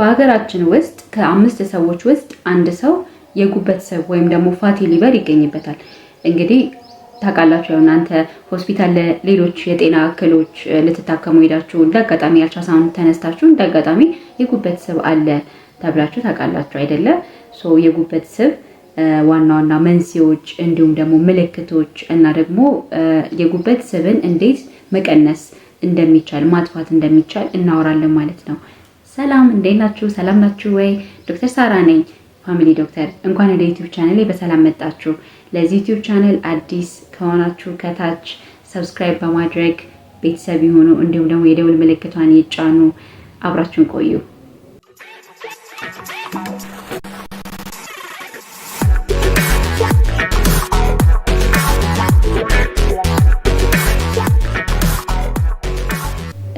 በሀገራችን ውስጥ ከአምስት ሰዎች ውስጥ አንድ ሰው የጉበት ስብ ወይም ደግሞ ፋቲ ሊቨር ይገኝበታል። እንግዲህ ታውቃላችሁ ያው እናንተ ሆስፒታል ለሌሎች የጤና እክሎች ልትታከሙ ሄዳችሁ እንዳጋጣሚ አልትራሳውንድ ተነስታችሁ እንዳጋጣሚ የጉበት ስብ አለ ተብላችሁ ታውቃላችሁ አይደለም። ሶ የጉበት ስብ ዋና ዋና መንስኤዎች እንዲሁም ደግሞ ምልክቶች እና ደግሞ የጉበት ስብን እንዴት መቀነስ እንደሚቻል ማጥፋት እንደሚቻል እናወራለን ማለት ነው። ሰላም እንዴት ናችሁ? ሰላም ናችሁ ወይ? ዶክተር ሳራ ነኝ ፋሚሊ ዶክተር። እንኳን ወደ ዩቲዩብ ቻናሌ በሰላም መጣችሁ። ለዚህ ዩቲዩብ ቻናል አዲስ ከሆናችሁ ከታች ሰብስክራይብ በማድረግ ቤተሰብ ይሁኑ። እንዲሁም ደግሞ የደውል ምልክቷን ይጫኑ። አብራችሁን ቆዩ።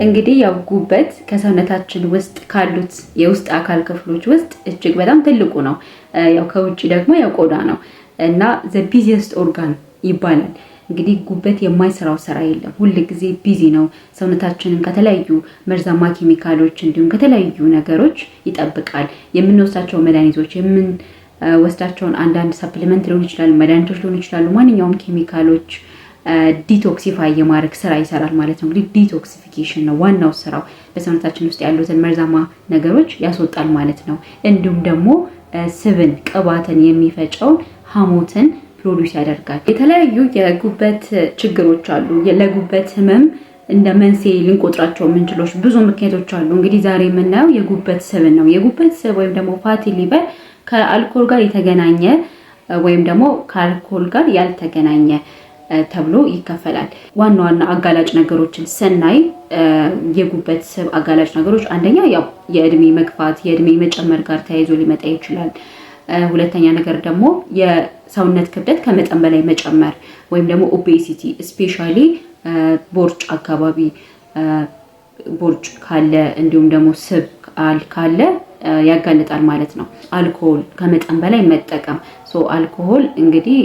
እንግዲህ ያው ጉበት ከሰውነታችን ውስጥ ካሉት የውስጥ አካል ክፍሎች ውስጥ እጅግ በጣም ትልቁ ነው። ያው ከውጭ ደግሞ ያው ቆዳ ነው እና ዘ ቢዚየስት ኦርጋን ይባላል። እንግዲህ ጉበት የማይሰራው ስራ የለም። ሁል ጊዜ ቢዚ ነው። ሰውነታችንን ከተለያዩ መርዛማ ኬሚካሎች እንዲሁም ከተለያዩ ነገሮች ይጠብቃል። የምንወስዳቸው መድኃኒቶች የምንወስዳቸውን አንዳንድ ሰፕሊመንት ሊሆን ይችላሉ፣ መድኃኒቶች ሊሆን ይችላሉ፣ ማንኛውም ኬሚካሎች ዲቶክሲፋይ የማድረግ ስራ ይሰራል ማለት ነው። እንግዲህ ዲቶክሲፊኬሽን ነው ዋናው ስራው። በሰውነታችን ውስጥ ያሉትን መርዛማ ነገሮች ያስወጣል ማለት ነው። እንዲሁም ደግሞ ስብን፣ ቅባትን የሚፈጨውን ሐሞትን ፕሮዲስ ያደርጋል። የተለያዩ የጉበት ችግሮች አሉ። ለጉበት ህመም እንደ መንስኤ ልንቆጥራቸው የምንችሎች ብዙ ምክንያቶች አሉ። እንግዲህ ዛሬ የምናየው የጉበት ስብን ነው። የጉበት ስብ ወይም ደግሞ ፋቲ ሊቨር ከአልኮል ጋር የተገናኘ ወይም ደግሞ ከአልኮል ጋር ያልተገናኘ ተብሎ ይከፈላል። ዋና ዋና አጋላጭ ነገሮችን ስናይ የጉበት ስብ አጋላጭ ነገሮች አንደኛ ያው የእድሜ መግፋት የእድሜ መጨመር ጋር ተያይዞ ሊመጣ ይችላል። ሁለተኛ ነገር ደግሞ የሰውነት ክብደት ከመጠን በላይ መጨመር ወይም ደግሞ ኦቤሲቲ ስፔሻሊ ቦርጭ አካባቢ ቦርጭ ካለ እንዲሁም ደግሞ ስብ ካለ ያጋልጣል ማለት ነው። አልኮል ከመጠን በላይ መጠቀም አልኮሆል እንግዲህ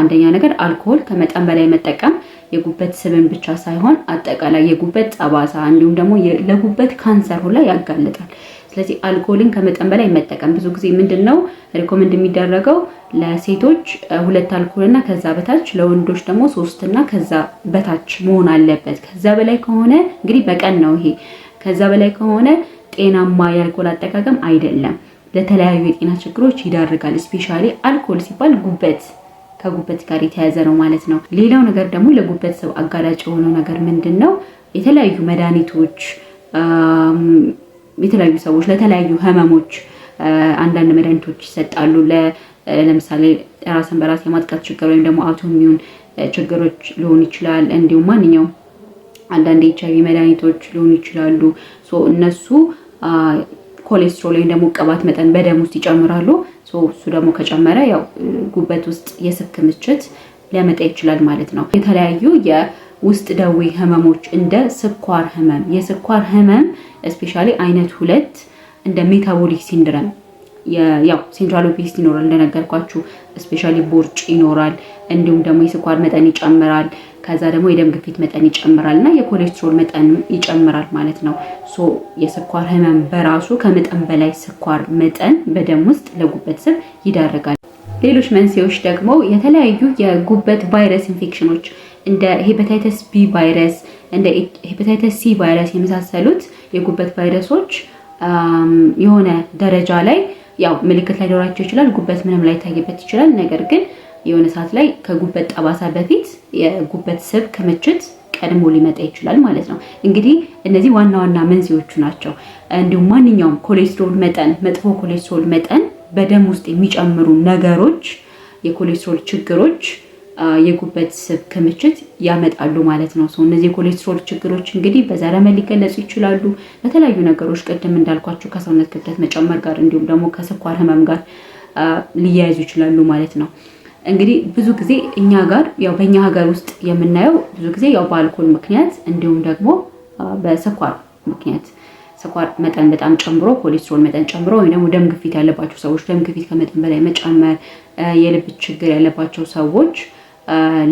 አንደኛ ነገር አልኮሆል ከመጠን በላይ መጠቀም የጉበት ስብን ብቻ ሳይሆን አጠቃላይ የጉበት ጠባሳ እንዲሁም ደግሞ ለጉበት ካንሰር ሁላ ያጋልጣል። ስለዚህ አልኮሆልን ከመጠን በላይ መጠቀም ብዙ ጊዜ ምንድን ነው ሪኮመንድ የሚደረገው ለሴቶች ሁለት አልኮሆልና ከዛ በታች ለወንዶች ደግሞ ሶስትና ከዛ በታች መሆን አለበት። ከዛ በላይ ከሆነ እንግዲህ በቀን ነው ይሄ። ከዛ በላይ ከሆነ ጤናማ የአልኮል አጠቃቀም አይደለም። ለተለያዩ የጤና ችግሮች ይዳርጋል። ስፔሻሊ አልኮል ሲባል ጉበት ከጉበት ጋር የተያዘ ነው ማለት ነው። ሌላው ነገር ደግሞ ለጉበት ሰው አጋላጭ የሆነው ነገር ምንድን ነው? የተለያዩ መድኃኒቶች የተለያዩ ሰዎች ለተለያዩ ህመሞች አንዳንድ መድኃኒቶች ይሰጣሉ። ለምሳሌ ራስን በራስ የማጥቃት ችግር ወይም ደግሞ አውቶሚዩን ችግሮች ሊሆን ይችላል። እንዲሁም ማንኛውም አንዳንድ ኤች አይቪ መድኃኒቶች ሊሆኑ ይችላሉ እነሱ ኮሌስትሮል ወይም ደግሞ ቅባት መጠን በደም ውስጥ ይጨምራሉ። እሱ ደግሞ ከጨመረ ያው ጉበት ውስጥ የስብ ክምችት ሊያመጣ ይችላል ማለት ነው። የተለያዩ የውስጥ ደዌ ህመሞች እንደ ስኳር ህመም የስኳር ህመም ስፔሻሊ አይነት ሁለት እንደ ሜታቦሊክ ሲንድረም ያው ሴንትራሎፔስት ይኖራል እንደነገርኳችሁ፣ ስፔሻሊ ቦርጭ ይኖራል። እንዲሁም ደግሞ የስኳር መጠን ይጨምራል። ከዛ ደግሞ የደም ግፊት መጠን ይጨምራል እና የኮሌስትሮል መጠን ይጨምራል ማለት ነው። ሶ የስኳር ህመም በራሱ ከመጠን በላይ ስኳር መጠን በደም ውስጥ ለጉበት ስብ ይዳርጋል። ሌሎች መንስኤዎች ደግሞ የተለያዩ የጉበት ቫይረስ ኢንፌክሽኖች እንደ ሄፐታይተስ ቢ ቫይረስ፣ እንደ ሄፐታይተስ ሲ ቫይረስ የመሳሰሉት የጉበት ቫይረሶች የሆነ ደረጃ ላይ ያው ምልክት ላይ ሊኖራቸው ይችላል። ጉበት ምንም ላይ ታይበት ይችላል። ነገር ግን የሆነ ሰዓት ላይ ከጉበት ጠባሳ በፊት የጉበት ስብ ክምችት ቀድሞ ሊመጣ ይችላል ማለት ነው። እንግዲህ እነዚህ ዋና ዋና መንስኤዎቹ ናቸው። እንዲሁም ማንኛውም ኮሌስትሮል መጠን፣ መጥፎ ኮሌስትሮል መጠን በደም ውስጥ የሚጨምሩ ነገሮች የኮሌስትሮል ችግሮች የጉበት ስብ ክምችት ያመጣሉ ማለት ነው። ሰው እነዚህ የኮሌስትሮል ችግሮች እንግዲህ በዘረመ ሊገለጹ ይችላሉ። በተለያዩ ነገሮች ቅድም እንዳልኳቸው ከሰውነት ክብደት መጨመር ጋር እንዲሁም ደግሞ ከስኳር ህመም ጋር ሊያያዙ ይችላሉ ማለት ነው። እንግዲህ ብዙ ጊዜ እኛ ጋር ያው በእኛ ሀገር ውስጥ የምናየው ብዙ ጊዜ ያው በአልኮል ምክንያት እንዲሁም ደግሞ በስኳር ምክንያት ስኳር መጠን በጣም ጨምሮ ኮሌስትሮል መጠን ጨምሮ ወይም ደግሞ ደም ግፊት ያለባቸው ሰዎች ደም ግፊት ከመጠን በላይ መጨመር፣ የልብ ችግር ያለባቸው ሰዎች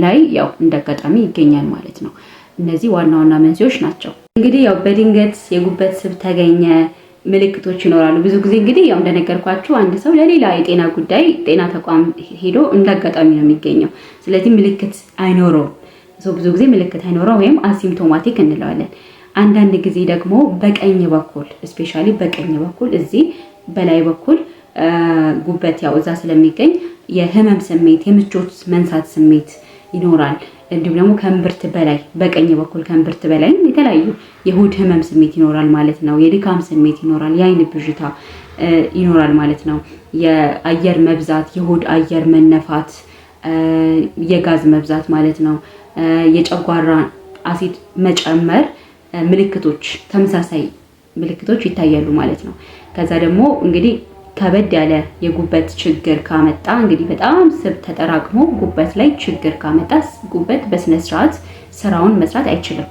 ላይ ያው እንደ አጋጣሚ ይገኛል ማለት ነው። እነዚህ ዋና ዋና መንስኤዎች ናቸው። እንግዲህ ያው በድንገት የጉበት ስብ ተገኘ ምልክቶች ይኖራሉ። ብዙ ጊዜ እንግዲህ ያው እንደነገርኳችሁ አንድ ሰው ለሌላ የጤና ጉዳይ ጤና ተቋም ሄዶ እንደ አጋጣሚ ነው የሚገኘው። ስለዚህ ምልክት አይኖረውም። ሰው ብዙ ጊዜ ምልክት አይኖረው ወይም አሲምቶማቲክ እንለዋለን። አንዳንድ ጊዜ ደግሞ በቀኝ በኩል ስፔሻሊ በቀኝ በኩል እዚህ በላይ በኩል ጉበት ያው እዛ ስለሚገኝ የህመም ስሜት፣ የምቾት መንሳት ስሜት ይኖራል። እንዲሁም ደግሞ ከእምብርት በላይ በቀኝ በኩል ከእምብርት በላይም የተለያዩ የሆድ ህመም ስሜት ይኖራል ማለት ነው። የድካም ስሜት ይኖራል። የአይን ብዥታ ይኖራል ማለት ነው። የአየር መብዛት፣ የሆድ አየር መነፋት፣ የጋዝ መብዛት ማለት ነው። የጨጓራ አሲድ መጨመር ምልክቶች ተመሳሳይ ምልክቶች ይታያሉ ማለት ነው። ከዛ ደግሞ እንግዲህ ከበድ ያለ የጉበት ችግር ካመጣ እንግዲህ በጣም ስብ ተጠራቅሞ ጉበት ላይ ችግር ካመጣ ጉበት በስነስርዓት ስራውን መስራት አይችልም።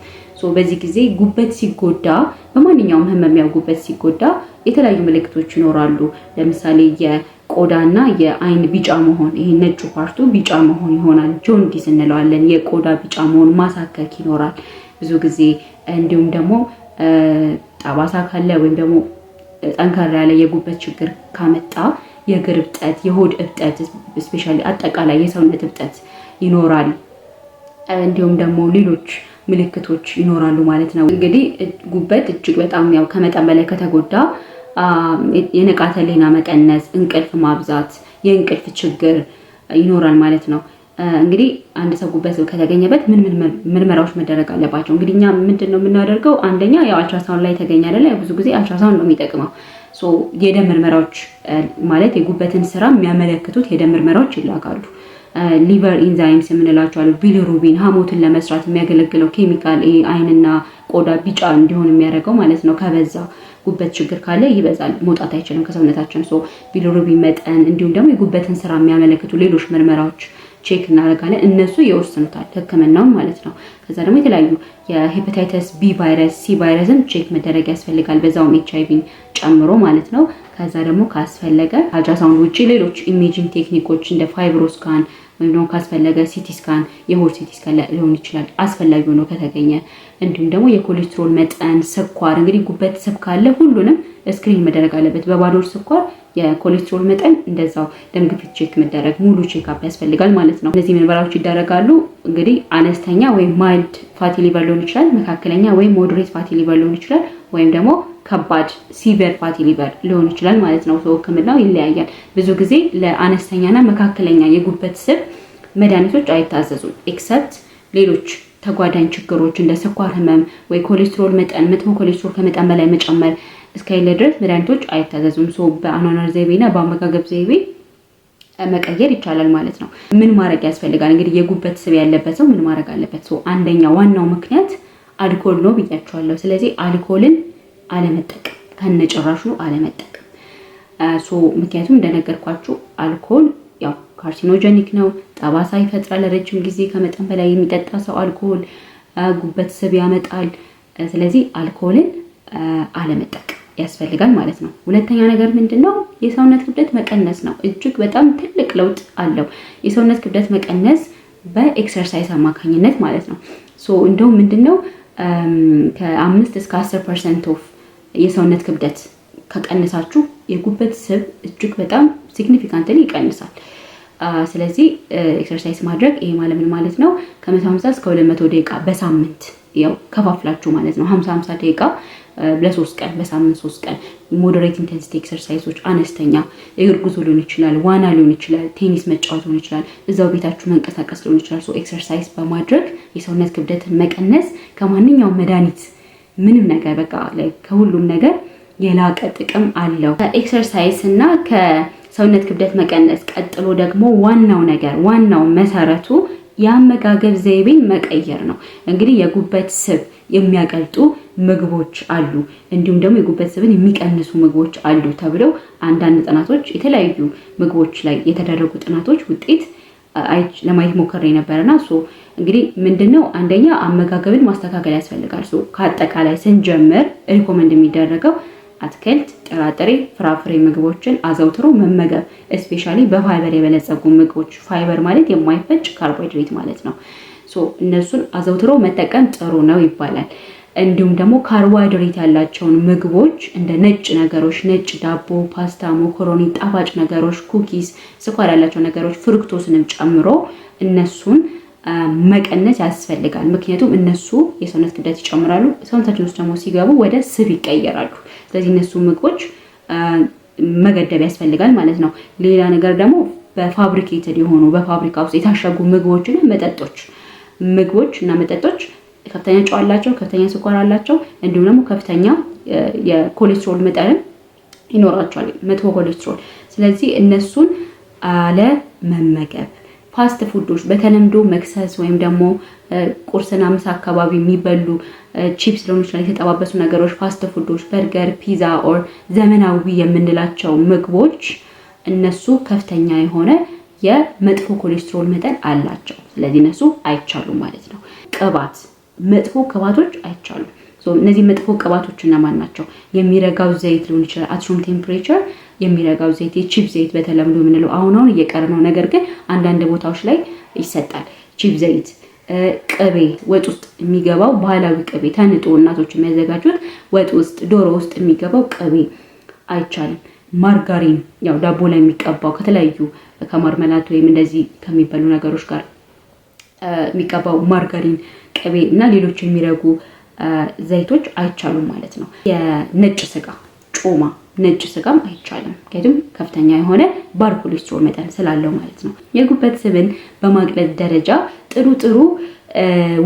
በዚህ ጊዜ ጉበት ሲጎዳ በማንኛውም ህመሚያ ጉበት ሲጎዳ የተለያዩ ምልክቶች ይኖራሉ። ለምሳሌ የቆዳና የአይን ቢጫ መሆን፣ ይሄ ነጩ ፓርቱ ቢጫ መሆን ይሆናል። ጆንዲስ እንለዋለን። የቆዳ ቢጫ መሆን፣ ማሳከክ ይኖራል ብዙ ጊዜ እንዲሁም ደግሞ ጠባሳ ካለ ወይም ደግሞ ጠንካራ ያለ የጉበት ችግር ካመጣ የእግር እብጠት፣ የሆድ እብጠት፣ እስፔሻሊ አጠቃላይ የሰውነት እብጠት ይኖራል። እንዲሁም ደግሞ ሌሎች ምልክቶች ይኖራሉ ማለት ነው። እንግዲህ ጉበት እጅግ በጣም ያው ከመጠን በላይ ከተጎዳ የንቃተ ሌና መቀነስ፣ እንቅልፍ ማብዛት፣ የእንቅልፍ ችግር ይኖራል ማለት ነው። እንግዲህ አንድ ሰው ጉበት ከተገኘበት ምን ምን ምርመራዎች መደረግ አለባቸው? እንግዲህ እኛ ምንድን ነው የምናደርገው? አንደኛ ያው አልትራሳውንድ ላይ ተገኘ አይደለ? ብዙ ጊዜ አልትራሳውንድ ነው የሚጠቅመው። የደም ምርመራዎች ማለት የጉበትን ስራ የሚያመለክቱት የደም ምርመራዎች ይላካሉ። ሊቨር ኢንዛይምስ የምንላቸው አሉ። ቢሊሩቢን ሀሞትን ለመስራት የሚያገለግለው ኬሚካል አይንና ቆዳ ቢጫ እንዲሆን የሚያደርገው ማለት ነው። ከበዛ ጉበት ችግር ካለ ይበዛል፣ መውጣት አይችልም ከሰውነታችን። ቢሊሩቢን መጠን እንዲሁም ደግሞ የጉበትን ስራ የሚያመለክቱ ሌሎች ምርመራዎች ቼክ እናደርጋለን። እነሱ የወስኑታል ህክምናውን ማለት ነው። ከዛ ደግሞ የተለያዩ የሄፓታይተስ ቢ ቫይረስ፣ ሲ ቫይረስን ቼክ መደረግ ያስፈልጋል። በዛውም ኤች አይቪ ጨምሮ ማለት ነው። ከዛ ደግሞ ካስፈለገ አልትራሳውንድ ውጭ ሌሎች ኢሜጂንግ ቴክኒኮች እንደ ፋይብሮስካን ወይም ደግሞ ካስፈለገ ሲቲ ስካን የሆድ ሲቲ ስካን ሊሆን ይችላል አስፈላጊ ሆኖ ከተገኘ። እንዲሁም ደግሞ የኮሌስትሮል መጠን፣ ስኳር እንግዲህ ጉበት ስብ ካለ ሁሉንም ስክሪን መደረግ አለበት። በባዶር ስኳር የኮሌስትሮል መጠን እንደዛው ደም ግፊት ቼክ መደረግ ሙሉ ቼክአፕ ያስፈልጋል ማለት ነው። እነዚህ ምርመራዎች ይደረጋሉ። እንግዲህ አነስተኛ ወይም ማይልድ ፋቲ ሊቨር ሊሆን ይችላል፣ መካከለኛ ወይም ሞድሬት ፋቲ ሊቨር ሊሆን ይችላል ወይም ደግሞ ከባድ ሲቨር ፋቲ ሊቨር ሊሆን ይችላል ማለት ነው። ሰው ህክምናው ይለያያል። ብዙ ጊዜ ለአነስተኛና መካከለኛ የጉበት ስብ መድኃኒቶች አይታዘዙም ኤክሰፕት ሌሎች ተጓዳኝ ችግሮች እንደ ስኳር ህመም ወይ ኮሌስትሮል መጠን መጥፎ ኮሌስትሮል ከመጠን በላይ መጨመር እስከሌለ ድረስ መድኃኒቶች አይታዘዙም። ሰው በአኗኗር ዘይቤና በአመጋገብ ዘይቤ መቀየር ይቻላል ማለት ነው። ምን ማድረግ ያስፈልጋል? እንግዲህ የጉበት ስብ ያለበት ሰው ምን ማድረግ አለበት? ሰው አንደኛ ዋናው ምክንያት አልኮል ነው ብያቸዋለሁ። ስለዚህ አልኮልን አለመጠቀም ከነጭራሹ አለመጠቀም። ሶ ምክንያቱም እንደነገርኳችሁ አልኮል ያው ካርሲኖጀኒክ ነው፣ ጠባሳ ይፈጥራል። ለረጅም ጊዜ ከመጠን በላይ የሚጠጣ ሰው አልኮል ጉበት ስብ ያመጣል። ስለዚህ አልኮልን አለመጠቀም ያስፈልጋል ማለት ነው። ሁለተኛ ነገር ምንድን ነው? የሰውነት ክብደት መቀነስ ነው። እጅግ በጣም ትልቅ ለውጥ አለው የሰውነት ክብደት መቀነስ በኤክሰርሳይዝ አማካኝነት ማለት ነው። ሶ እንደውም ምንድን ነው ከአምስት እስከ አስር ፐርሰንት ኦፍ የሰውነት ክብደት ከቀንሳችሁ የጉበት ስብ እጅግ በጣም ሲግኒፊካንትን ይቀንሳል። ስለዚህ ኤክሰርሳይዝ ማድረግ ይሄ ማለምን ማለት ነው? ከ150 እስከ 200 ደቂቃ በሳምንት ያው ከፋፍላችሁ ማለት ነው። 50 50 ደቂቃ ለሶስት ቀን በሳምንት ሶስት ቀን ሞደሬት ኢንቴንሲቲ ኤክሰርሳይዞች አነስተኛ የእግር ጉዞ ሊሆን ይችላል፣ ዋና ሊሆን ይችላል፣ ቴኒስ መጫወት ሊሆን ይችላል፣ እዛው ቤታችሁ መንቀሳቀስ ሊሆን ይችላል። ኤክሰርሳይዝ በማድረግ የሰውነት ክብደትን መቀነስ ከማንኛውም መድኃኒት ምንም ነገር በቃ ከሁሉም ነገር የላቀ ጥቅም አለው። ከኤክሰርሳይዝ እና ከሰውነት ክብደት መቀነስ ቀጥሎ ደግሞ ዋናው ነገር ዋናው መሰረቱ የአመጋገብ ዘይቤን መቀየር ነው። እንግዲህ የጉበት ስብ የሚያቀልጡ ምግቦች አሉ፣ እንዲሁም ደግሞ የጉበት ስብን የሚቀንሱ ምግቦች አሉ ተብለው አንዳንድ ጥናቶች የተለያዩ ምግቦች ላይ የተደረጉ ጥናቶች ውጤት ለማየት ሞከሬ ነበረና እንግዲህ ምንድነው አንደኛ አመጋገብን ማስተካከል ያስፈልጋል። ከአጠቃላይ ስንጀምር ሪኮመንድ የሚደረገው አትክልት፣ ጥራጥሬ፣ ፍራፍሬ ምግቦችን አዘውትሮ መመገብ እስፔሻሊ በፋይበር የበለጸጉ ምግቦች። ፋይበር ማለት የማይፈጭ ካርቦሃይድሬት ማለት ነው። እነሱን አዘውትሮ መጠቀም ጥሩ ነው ይባላል። እንዲሁም ደግሞ ካርቦሃይድሬት ያላቸውን ምግቦች እንደ ነጭ ነገሮች፣ ነጭ ዳቦ፣ ፓስታ፣ ሞኮሮኒ፣ ጣፋጭ ነገሮች፣ ኩኪስ፣ ስኳር ያላቸው ነገሮች ፍሩክቶስንም ጨምሮ እነሱን መቀነስ ያስፈልጋል። ምክንያቱም እነሱ የሰውነት ክብደት ይጨምራሉ፣ ሰውነታችን ውስጥ ደግሞ ሲገቡ ወደ ስብ ይቀየራሉ። ስለዚህ እነሱ ምግቦች መገደብ ያስፈልጋል ማለት ነው። ሌላ ነገር ደግሞ በፋብሪኬትድ የሆኑ በፋብሪካ ውስጥ የታሸጉ ምግቦችና መጠጦች ምግቦች እና መጠጦች ከፍተኛ ጨው አላቸው፣ ከፍተኛ ስኳር አላቸው፣ እንዲሁም ደግሞ ከፍተኛ የኮሌስትሮል መጠንም ይኖራቸዋል፣ መጥፎ ኮሌስትሮል። ስለዚህ እነሱን አለመመገብ ፋስት ፉዶች በተለምዶ መክሰስ ወይም ደግሞ ቁርስና ምሳ አካባቢ የሚበሉ ቺፕስ ሊሆን ይችላል፣ የተጠባበሱ ነገሮች፣ ፋስት ፉዶች፣ በርገር፣ ፒዛ ኦር ዘመናዊ የምንላቸው ምግቦች እነሱ ከፍተኛ የሆነ የመጥፎ ኮሌስትሮል መጠን አላቸው። ስለዚህ እነሱ አይቻሉም ማለት ነው። ቅባት፣ መጥፎ ቅባቶች አይቻሉም። እነዚህ መጥፎ ቅባቶች እነማን ናቸው? የሚረጋው ዘይት ሊሆን ይችላል አት ቴምፕሬቸር የሚረጋው ዘይት የቺፕ ዘይት በተለምዶ የምንለው አሁን አሁን እየቀረ ነው። ነገር ግን አንዳንድ ቦታዎች ላይ ይሰጣል። ቺፕ ዘይት፣ ቅቤ፣ ወጥ ውስጥ የሚገባው ባህላዊ ቅቤ ተንጦ እናቶች የሚያዘጋጁት ወጥ ውስጥ ዶሮ ውስጥ የሚገባው ቅቤ አይቻልም። ማርጋሪን ያው ዳቦ ላይ የሚቀባው ከተለያዩ ከማርመላት ወይም እንደዚህ ከሚበሉ ነገሮች ጋር የሚቀባው ማርጋሪን፣ ቅቤ እና ሌሎች የሚረጉ ዘይቶች አይቻሉም ማለት ነው። የነጭ ስጋ ጮማ ነጭ ስጋም አይቻልም። ምክንያቱም ከፍተኛ የሆነ ባድ ኮሌስትሮል መጠን ስላለው ማለት ነው። የጉበት ስብን በማቅለጥ ደረጃ ጥሩ ጥሩ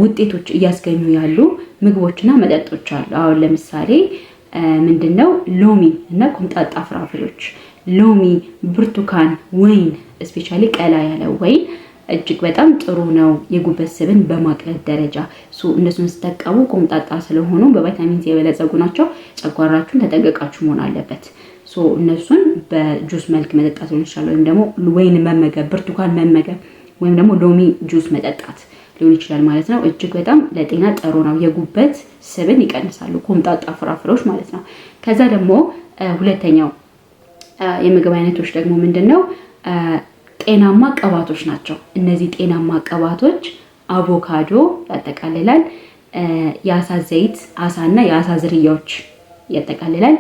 ውጤቶች እያስገኙ ያሉ ምግቦችና መጠጦች አሉ። አሁን ለምሳሌ ምንድን ነው ሎሚ እና ኮምጣጣ ፍራፍሬዎች፣ ሎሚ፣ ብርቱካን፣ ወይን ስፔሻሊ ቀላ ያለ ወይን እጅግ በጣም ጥሩ ነው የጉበት ስብን በማቅለት ደረጃ። እነሱን ስጠቀሙ ቆምጣጣ ስለሆኑ በቫይታሚን ሲ የበለጸጉ ናቸው። ጨጓራችሁን ተጠንቀቃችሁ መሆን አለበት። እነሱን በጁስ መልክ መጠጣት ሊሆን ይችላል፣ ወይም ደግሞ ወይን መመገብ፣ ብርቱካን መመገብ ወይም ደግሞ ሎሚ ጁስ መጠጣት ሊሆን ይችላል ማለት ነው። እጅግ በጣም ለጤና ጥሩ ነው። የጉበት ስብን ይቀንሳሉ ቆምጣጣ ፍራፍሬዎች ማለት ነው። ከዛ ደግሞ ሁለተኛው የምግብ አይነቶች ደግሞ ምንድን ነው? ጤናማ ቅባቶች ናቸው። እነዚህ ጤናማ ቅባቶች አቮካዶ ያጠቃልላል፣ የአሳ ዘይት፣ አሳና የአሳ ዝርያዎች ያጠቃልላል።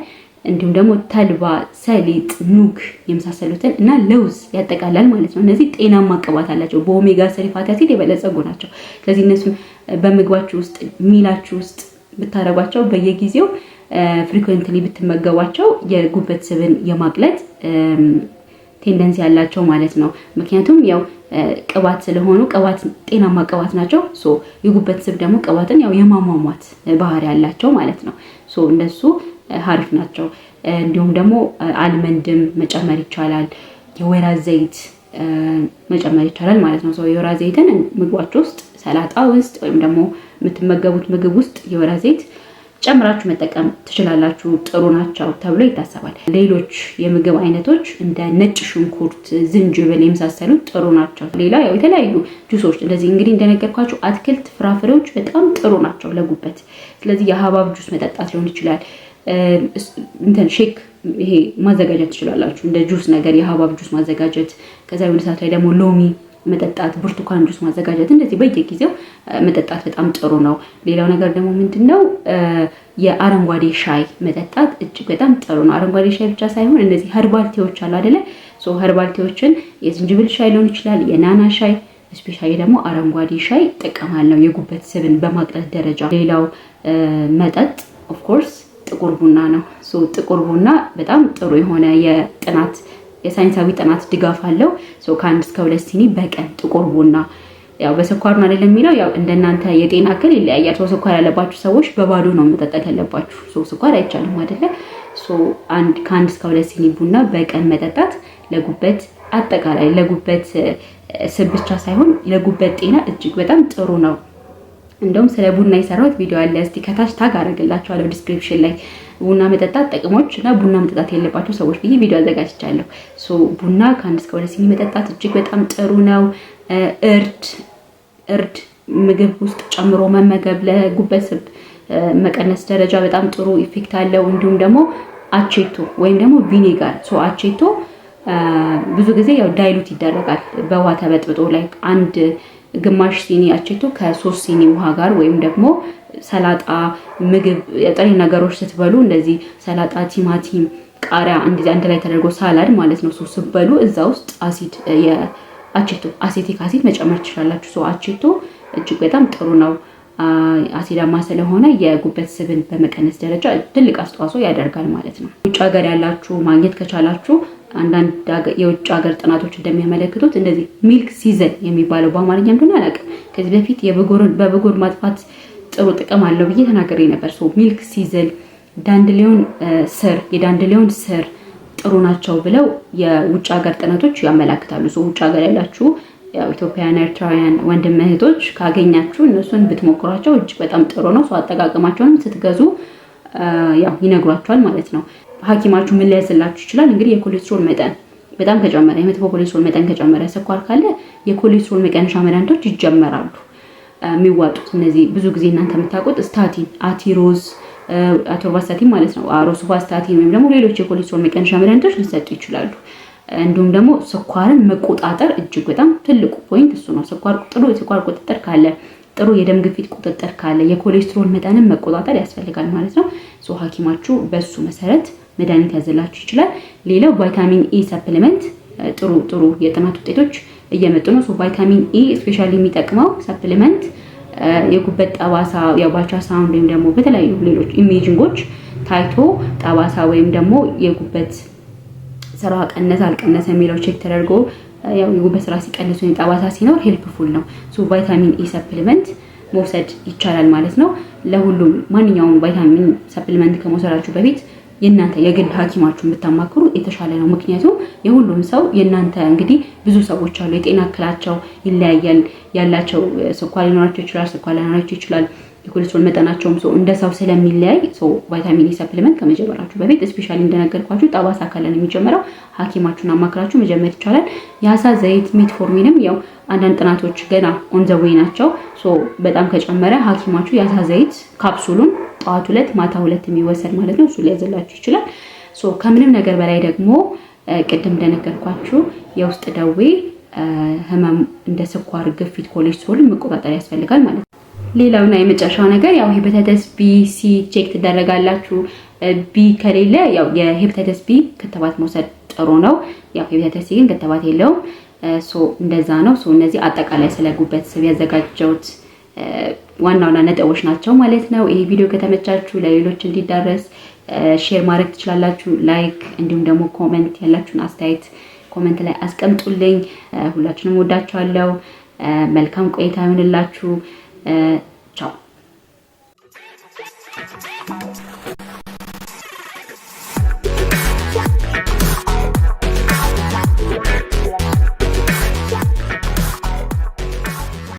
እንዲሁም ደግሞ ተልባ፣ ሰሊጥ፣ ኑግ የመሳሰሉትን እና ለውዝ ያጠቃልላል ማለት ነው። እነዚህ ጤናማ ቅባት አላቸው። በኦሜጋ ስሪ ፋቲ አሲድ የበለጸጉ ናቸው። ስለዚህ እነሱን በምግባችሁ ውስጥ ሚላችሁ ውስጥ ብታረጓቸው በየጊዜው ፍሪኩዌንትሊ ብትመገቧቸው የጉበት ስብን የማቅለጥ ቴንደንስ ያላቸው ማለት ነው። ምክንያቱም ያው ቅባት ስለሆኑ ቅባት ጤናማ ቅባት ናቸው። የጉበት ስብ ደግሞ ቅባትን ያው የማሟሟት ባህሪ ያላቸው ማለት ነው። እንደሱ ሀሪፍ ናቸው። እንዲሁም ደግሞ አልመንድም መጨመር ይቻላል። የወይራ ዘይት መጨመር ይቻላል ማለት ነው። ሰው የወይራ ዘይትን ምግባችሁ ውስጥ ሰላጣ ውስጥ ወይም ደግሞ የምትመገቡት ምግብ ውስጥ የወይራ ዘይት ጨምራችሁ መጠቀም ትችላላችሁ። ጥሩ ናቸው ተብሎ ይታሰባል። ሌሎች የምግብ አይነቶች እንደ ነጭ ሽንኩርት፣ ዝንጅብል የመሳሰሉት ጥሩ ናቸው። ሌላ ያው የተለያዩ ጁሶች እንደዚህ እንግዲህ እንደነገርኳቸው አትክልት፣ ፍራፍሬዎች በጣም ጥሩ ናቸው ለጉበት። ስለዚህ የሀባብ ጁስ መጠጣት ሊሆን ይችላል። እንትን ሼክ ይሄ ማዘጋጀት ትችላላችሁ፣ እንደ ጁስ ነገር የሀባብ ጁስ ማዘጋጀት። ከዛ የሆነ ሰዓት ላይ ደግሞ ሎሚ መጠጣት፣ ብርቱካን ጁስ ማዘጋጀት እንደዚህ በየጊዜው መጠጣት በጣም ጥሩ ነው። ሌላው ነገር ደግሞ ምንድን ነው የአረንጓዴ ሻይ መጠጣት እጅግ በጣም ጥሩ ነው። አረንጓዴ ሻይ ብቻ ሳይሆን እነዚህ ሀርባልቴዎች አሉ አደለ? ሀርባልቴዎችን የዝንጅብል ሻይ ሊሆን ይችላል፣ የናና ሻይ ስፔሻሊ ደግሞ አረንጓዴ ሻይ እጠቀማለሁ የጉበት ስብን በማቅለል ደረጃ። ሌላው መጠጥ ኦፍኮርስ ጥቁር ቡና ነው። ጥቁር ቡና በጣም ጥሩ የሆነ የጥናት የሳይንሳዊ ጥናት ድጋፍ አለው። ከአንድ እስከ ሁለት ሲኒ በቀን ጥቁር ቡና ያው በስኳር ነው አይደለም የሚለው ያው እንደናንተ የጤና እክል ይለያያል። ሰው ስኳር ያለባችሁ ሰዎች በባዶ ነው መጠጣት ያለባችሁ። ሰው ስኳር አይቻልም አይደለ? ከአንድ እስከ ሁለት ሲኒ ቡና በቀን መጠጣት ለጉበት አጠቃላይ ለጉበት ስብ ብቻ ሳይሆን ለጉበት ጤና እጅግ በጣም ጥሩ ነው። እንደውም ስለ ቡና የሰራሁት ቪዲዮ አለ። እስቲ ከታች ታግ አደርግላችኋለሁ ዲስክሪፕሽን ላይ ቡና መጠጣት ጥቅሞች እና ቡና መጠጣት የለባቸው ሰዎች ብዬ ቪዲዮ አዘጋጅቻለሁ። ቡና ከአንድ እስከ ሁለት ሲኒ መጠጣት እጅግ በጣም ጥሩ ነው። እርድ እርድ ምግብ ውስጥ ጨምሮ መመገብ ለጉበት ስብ መቀነስ ደረጃ በጣም ጥሩ ኢፌክት አለው። እንዲሁም ደግሞ አቼቶ ወይም ደግሞ ቪኔጋር አቼቶ ብዙ ጊዜ ያው ዳይሉት ይደረጋል በውሃ ተበጥብጦ ላይ አንድ ግማሽ ሲኒ አቼቶ ከሶስት ሲኒ ውሃ ጋር ወይም ደግሞ ሰላጣ ምግብ የጥሬ ነገሮች ስትበሉ እንደዚህ ሰላጣ፣ ቲማቲም፣ ቃሪያ እንደዚህ አንድ ላይ ተደርጎ ሳላድ ማለት ነው ሶ ስትበሉ እዛ ውስጥ አሲድ አቼቶ አሴቲክ አሲድ መጨመር ትችላላችሁ። ሰው አቼቶ እጅግ በጣም ጥሩ ነው። አሲዳማ ስለሆነ የጉበት ስብን በመቀነስ ደረጃ ትልቅ አስተዋጽኦ ያደርጋል ማለት ነው። ውጭ ሀገር ያላችሁ ማግኘት ከቻላችሁ አንዳንድ የውጭ ሀገር ጥናቶች እንደሚያመለክቱት እንደዚህ ሚልክ ሲዘን የሚባለው በአማርኛ እንደሆነ አላውቅም። ከዚህ በፊት በበጎር ማጥፋት ጥሩ ጥቅም አለው ብዬ ተናገሬ ነበር። ሚልክ ሲዘን፣ ዳንድሊዮን ስር፣ የዳንድሊዮን ስር ጥሩ ናቸው ብለው የውጭ ሀገር ጥናቶች ያመላክታሉ። ውጭ ሀገር ያላችሁ ኢትዮጵያውያን፣ ኤርትራውያን ወንድም እህቶች ካገኛችሁ እነሱን ብትሞክሯቸው እጅግ በጣም ጥሩ ነው። ሰው አጠቃቀማቸውንም ስትገዙ ያው ይነግሯቸዋል ማለት ነው። ሐኪማችሁ ምን ሊያዝላችሁ ይችላል? እንግዲህ የኮሌስትሮል መጠን በጣም ከጨመረ፣ የመጥፎ ኮሌስትሮል መጠን ከጨመረ፣ ስኳር ካለ የኮሌስትሮል መቀነሻ መድኃኒቶች ይጀመራሉ። የሚዋጡት እነዚህ ብዙ ጊዜ እናንተ የምታውቁት ስታቲን፣ አቲሮዝ አቶርባስታቲን ማለት ነው። አሮሱቫስታቲን ወይም ደግሞ ሌሎች የኮሌስትሮል መቀነሻ መድኃኒቶች ሊሰጡ ይችላሉ። እንዲሁም ደግሞ ስኳርን መቆጣጠር እጅግ በጣም ትልቁ ፖይንት እሱ ነው። ስኳር ጥሩ የስኳር ቁጥጥር ካለ፣ ጥሩ የደም ግፊት ቁጥጥር ካለ የኮሌስትሮል መጠንን መቆጣጠር ያስፈልጋል ማለት ነው። ሐኪማችሁ በሱ መሰረት መድኃኒት ያዘላችሁ ይችላል። ሌላው ቫይታሚን ኢ ሰፕሊመንት ጥሩ ጥሩ የጥናት ውጤቶች እየመጡ ነው። ቫይታሚን ኢ ስፔሻሊ የሚጠቅመው ሰፕሊመንት የጉበት ጠባሳ የባቻ ሳውንድ ወይም ደግሞ በተለያዩ ሌሎች ኢሜጂንጎች ታይቶ ጠባሳ ወይም ደግሞ የጉበት ስራ ቀነሰ አልቀነሰ የሚለው ቼክ ተደርጎ የጉበት ስራ ሲቀንስ ወይም ጠባሳ ሲኖር ሄልፕፉል ነው። ሶ ቫይታሚን ኢ ሰፕሊመንት መውሰድ ይቻላል ማለት ነው። ለሁሉም ማንኛውም ቫይታሚን ሰፕሊመንት ከመውሰዳችሁ በፊት የእናንተ የግል ሐኪማችሁን ብታማክሩ የተሻለ ነው። ምክንያቱም የሁሉም ሰው የእናንተ እንግዲህ ብዙ ሰዎች አሉ። የጤና እክላቸው ይለያያል። ያላቸው ስኳር ሊኖራቸው ይችላል፣ ስኳር ሊኖራቸው ይችላል። የኮሌስትሮል መጠናቸውም ሰው እንደ ሰው ስለሚለያይ ሰው ቫይታሚን ኢ ሰፕሊመንት ከመጀመራችሁ በፊት ስፔሻሊ እንደነገርኳችሁ ጠባሳ ካለን የሚጀምረው ሐኪማችሁን አማክራችሁ መጀመር ይቻላል። የአሳ ዘይት ሜትፎርሚንም ያው አንዳንድ ጥናቶች ገና ኦንዘዌይ ናቸው። በጣም ከጨመረ ሐኪማችሁ የአሳ ዘይት ካፕሱሉን ጠዋት ሁለት ማታ ሁለት የሚወሰድ ማለት ነው። እሱ ሊያዘላችሁ ይችላል። ሶ ከምንም ነገር በላይ ደግሞ ቅድም እንደነገርኳችሁ የውስጥ ደዌ ህመም እንደ ስኳር፣ ግፊት፣ ኮሌስትሮል መቆጣጠር ያስፈልጋል ማለት ነው። ሌላውና የመጨረሻው ነገር ያው ሄፓታይተስ ቢ ሲ ቼክ ትደረጋላችሁ። ቢ ከሌለ ያው የሄፓታይተስ ቢ ክትባት መውሰድ ጥሩ ነው። ያው ሄፓታይተስ ሲ ግን ክትባት የለውም። ሶ እንደዛ ነው። ሶ እነዚህ አጠቃላይ ስለ ጉበት ስብ ያዘጋጀሁት ዋና ዋና ነጥቦች ናቸው ማለት ነው። ይሄ ቪዲዮ ከተመቻችሁ ለሌሎች እንዲዳረስ ሼር ማድረግ ትችላላችሁ። ላይክ፣ እንዲሁም ደግሞ ኮመንት፣ ያላችሁን አስተያየት ኮመንት ላይ አስቀምጡልኝ። ሁላችንም ወዳችኋለሁ። መልካም ቆይታ ይሆንላችሁ።